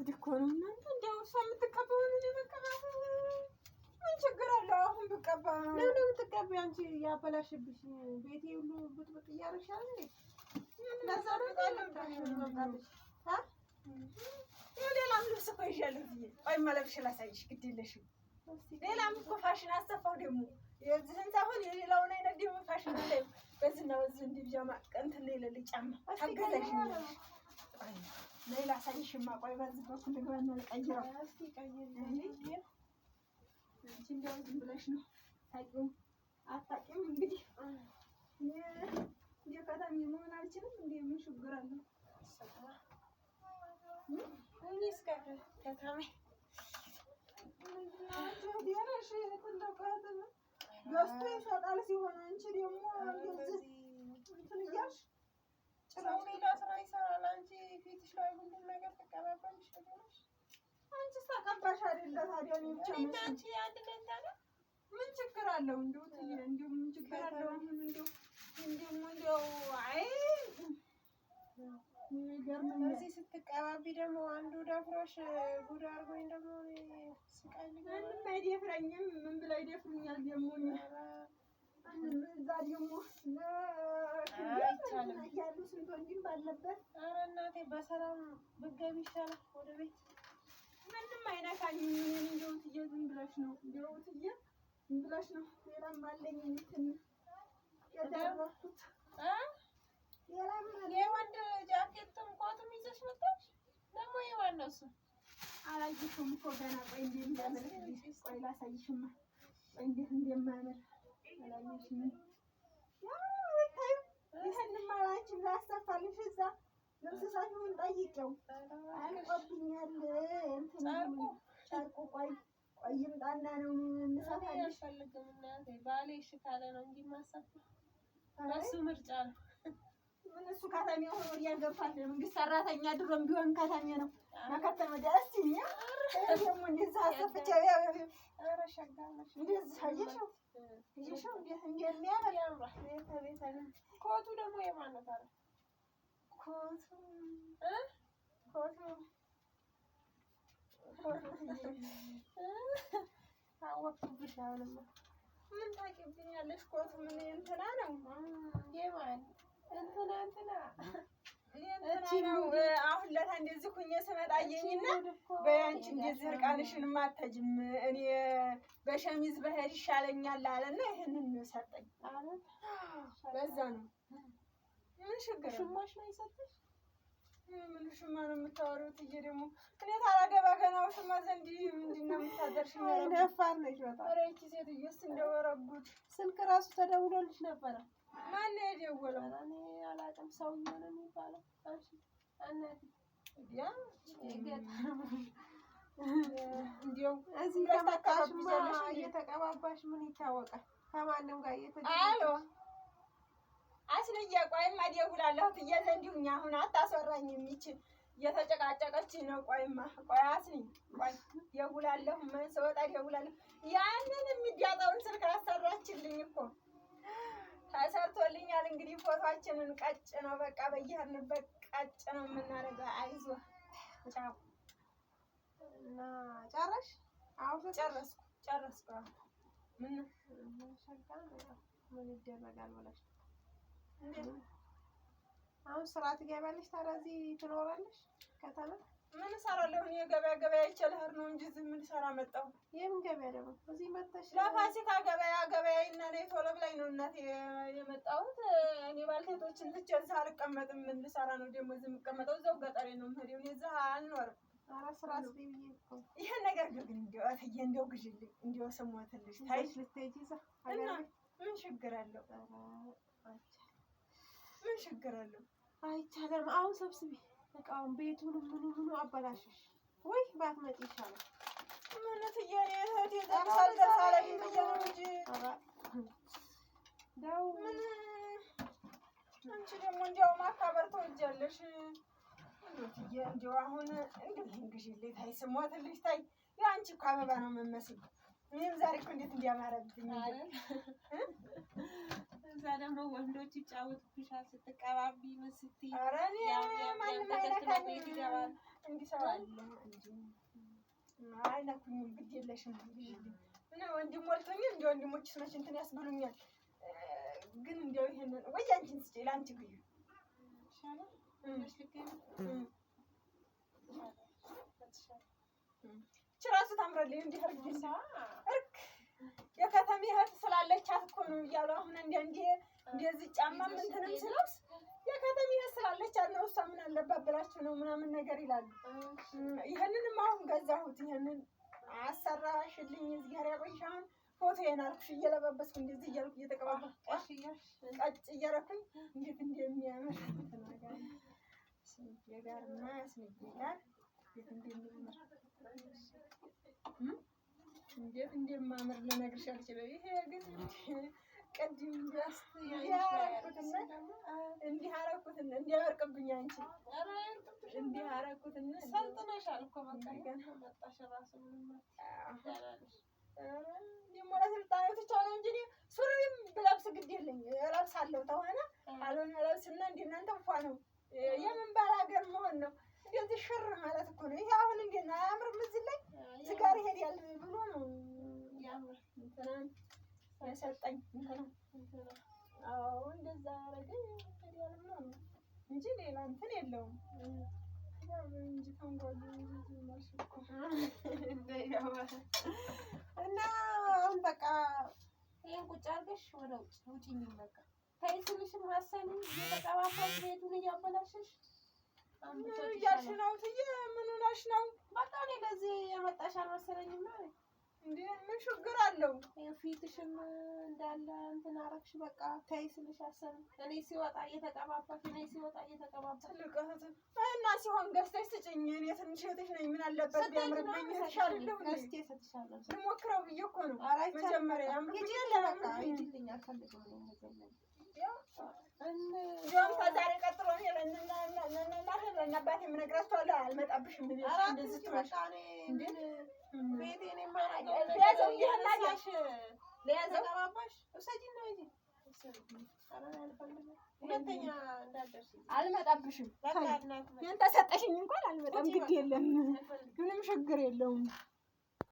ጉድ እኮ ነው እናንተ። እንዲያው እሷ የምትቀበውን ምን ችግር አለው? አሁን ብቀባ ለምን የምትቀበይ አንቺ? ያበላሽብሽ ቤቴ ሁሉ ብጥብጥ እያረሻል እንዴ? ሌላም ልብስ እኮ ይዣለሁ ብዬ ቆይማ ለብሼ ላሳይሽ። ግድ የለሽም። ሌላም እኮ ፋሽን አሰፋው ደግሞ የዚህን ሳይሆን የሌላውን አይነት ደግሞ ፋሽን በዚህ እና በዚህ እንዲህ ብጃማ እንትን ሌለ ልጫማ አገዛሽ ሌላ ሳይሽማ ቆይ በዚህ በኩል ልግባና ልቀይረው። አንቺ እንደው ብለሽ ነው ታውቂውም እንግዲህ መሆን አልችልም። እንደ ምን ችግር አለው? ገዝቶ ይሰጣል ሲሆን አንቺ ደግሞ ለእኔ ብቻ ምን ችግር አለው? እንደው እንደው ምን ችግር አለው? አሁን እንደው እንደው እንደው አይ እዚህ ስትቀባቢ ደግሞ አንዱ ደፍሮሽ ጉድ አድርጎኝ ደግሞ ምንም አይደፍረኝም። ምን ብለው ይደፍሩኛል? ደግሞ እዛ ደግሞ ያሉ ስንት ወንድም ባለበት። ኧረ እናቴ በሰላም ብትገቢ ይሻላል ወደ ቤት ምንም አይነካኝም። እኔን እንደው እትዬ ዝም ብለሽ ነው እንደው እትዬ ዝም ብለሽ ነው። ሌላም አለኝ እንትን የደረኩት እ ሌላም የወንድ ጃኬትም ኮትም ይዘሽ መጣሽ። ደግሞ አላየሽውም እኮ ገና። ቆይ እንዴት ቆይ ላሳይሽማ። እንዴት እንደማያምር ያው ይሄንማ ላንቺ ላሰፋልሽ እዛ እንስሳችሁን ጠይቄው አልቆብኛል። እንትኑ ጨርቁ ቆይ ቆይ ይምጣና ነው እንሰፋልሽ። ባሌ እሺ ካለ ነው እንጂ የማሰፋው በእሱ ምርጫ ነው። ምን እሱ ከተሜ ሆኖ እያገባል። መንግስት ሰራተኛ ድሮም ቢሆን ከተሜ ነው መከተል ወደ ደግሞ እንደዚያ አሰፍቼ እንደሚያምር ኮቱ ደግሞ የማን ነው አወኩብሽ። አሁንማ ምን ታውቂብኛለሽ? ኮቱ ምን እንትና ነው የማን እንትና እንትና አሁን ለታ እንደዚህ ኩኝ ስመጣየኝና በያንቺ እንደዚህ እርቃንሽን ማተጅም እኔ በሸሚዝ በሄድ ይሻለኛል አለና ይህንን ሰጠኝ። በዛ ነው ምን ችግር ሽማሽ ነው የሰጠሽ? ምን ሽማ ነው የምታወሪው? ትዬ ደግሞ እኔ ታላገባ ገና ሽማ ዘንድ ምንድን ነው የምታደርሽ? ደፋር ነሽ በጣም። ኧረ ሴትዮስ እንደው ስልክ ራሱ ተደውሎልሽ ነበረ? ማን የደወለው? አላውቅም። ሰውዬው ነው የሚባለው። እዚህ እየተቀባባሽ ምን ይታወቃል? ከማንም ጋር እየተደወለ አስንዬ ቆይማ እደውላለሁ ብዬ ዘንድሁኝ አሁን አታስወራኝ የሚችል እየተጨቃጨቀች ነው። ቆይማ ቆይ አስንዬ ቆይ እደውላለሁ ምን ስወጣ እደውላለሁ። ያንን የሚዳጣውን ስልክ አሰራችልኝ እኮ ተሰርቶልኛል። እንግዲህ ፎቷችንን ቀጭ ነው በቃ በየህንበት ቀጭ ነው የምናደርገው። አይዞህ ጫው እና ጨረሽ? አሁን ጨረስኩ ጨረስኩ። ምን ይደረጋል ብለሽ አሁን ስራ ትገቢያለሽ? ታዲያ እዚህ ትኖራለሽ? ከተማ ምን እሰራለሁ? የገበያ ገበያ ይችልህር ነው እንጂ ዝም ሰራ መጣሁ። የምን ገበያ ደግሞ እዚህ መጥተሽ? ለፋሲካ ገበያ ገበያ ይና ነው ቶሎብ ላይ ነው እናቴ የመጣሁት። እኔ ባልቴቶችን ትቼ እዛ አልቀመጥም። ምን ልሰራ ነው ደግሞ እዚህ የምቀመጠው? እዛው ገጠሬ ነው የምሄደው። እዛ አልኖርም። ስራ ይህን ነገር ግን እንዲያው እትዬ እንዲያው ግዢልኝ እንዲያው ስሞትልሽ ታይሽ ልትሄጂ እዛ ምን ችግር አለው? ምን ችግር አለው? አይቻለም። አሁን ሰብስቢ እቃውን ቤቱን ምኑ ምኑ አበላሸሽ ወይ ባትመጪ ይሻላል። ምነት እያኔ እህቴ ጠቅሳል ደሳለኝ እያለ እንጂ ዳው ምን አንቺ ደግሞ እንዲያው ማካበር ተወጃለሽ። እንዴትዬ እንዲያው አሁን እንግዲህ እንግሽልኝ ታይ ስሞትልሽ ታይ የአንቺ እኮ አበባ ነው የምመስል። እኔም ዛሬ እኮ እንዴት እንዲያማረብኝ እዛ ደግሞ ወንዶች ይጫወቱብሻል ስትቀባቢ ምን ስትይ አይላኩኝም ግድ የለሽም እና ወንድም ወልቶኝ እንደ ወንድሞች ስመች እንትን ያስብሉኛል። ግን እንደው ይሄን ወይ አንቺን ስጪ ለአንቺ ብዬ እራሱ ታምራለች እንዲህ የከተሜ እህት ስላለቻት እኮ ነው እያሉ አሁን እንደ እንዲ እንደዚህ ጫማም እንትንም ስለብስ የከተሜ እህት ስላለቻት ነው እሷ ምን አለባት ብላችሁ ነው ምናምን ነገር ይላሉ። ይህንንም አሁን ገዛሁት። ይህንን አሰራሽልኝ እግዚአብሔር ያቆይሽ። አሁን ፎቶዬን አልኩሽ እንደዚህ እያልኩ እየተቀባበ ቀጭ እያረኩኝ እንዴት እንደሚያምር ስንቄ ጋር እና ስንቄ ጋር እንዴት እንደሚያምር እንደማምር ልነግርሽ አልችልም። ይሄ ግን ቅድም እንዲያረኩትና እንዲህ አረኩትና እንዲህ አወርቅብኝ አንቺ እንዲህ አረኩትና ሰልጥነሻል እኮ በቃ መጣሽ እራሱ ደግሞ ለስልጣኔ ብቻ ነው እንጂ ሱሪም ብለብስ ግድ የለኝ እለብሳለሁ። ተሆነ አልሆነ እለብስና እንደ እናንተ እንኳ ነው የምን ሀገር መሆን ነው። እንደዚህ ሽር ማለት እኮ ነው። ይሄ አሁን እንዴት ነው? አያምርም እዚህ ላይ ስጋር ይሄዳል ብሎ ነው የሰጠኝ። አዎ እንጂ ሌላ እንትን የለውም። እና አሁን በቃ ይሄን ቁጭ አድርገሽ ወደ ውጭ ውጪ የሚል በቃ ተይ ስልሽም ቤቱን እያበላሸሽ እያልሽ ነው ትዬ ምን ሆነሽ ነው? በቃ እኔ በዚህ የመጣሽ አልመሰለኝም። እንደ ምን ችግር አለው? ፊትሽም እንዳለ እንትን አደረግሽ። በቃ ተይ ስልሽ አሰብን። እኔ ሲወጣ እየተቀባባሽ እኔ ሲወጣ እየተቀባባሽ እና ሲሆን ገዝተሽ ስጭኝ። እኔ ትንሽ እህትሽ ነኝ። ምን አለበት ቢያምርብኝ? እህትሽ ገዝቼ እሰጥሻለሁ። ልሞክረው ብዬሽ እኮ ነው መጀመሪያ። ያምርብኛል። በቃ ይልኛል። አልፈልግም ነው መጀመሪያ እንደውም ከዛሬ ቀጥሎ ለእነ አባቴ የምነግራቸው አልመጣብሽም። አልመጣብሽም ተሰጠሽኝ እንኳን አልመጣም። ግድ የለም ምንም ችግር የለውም።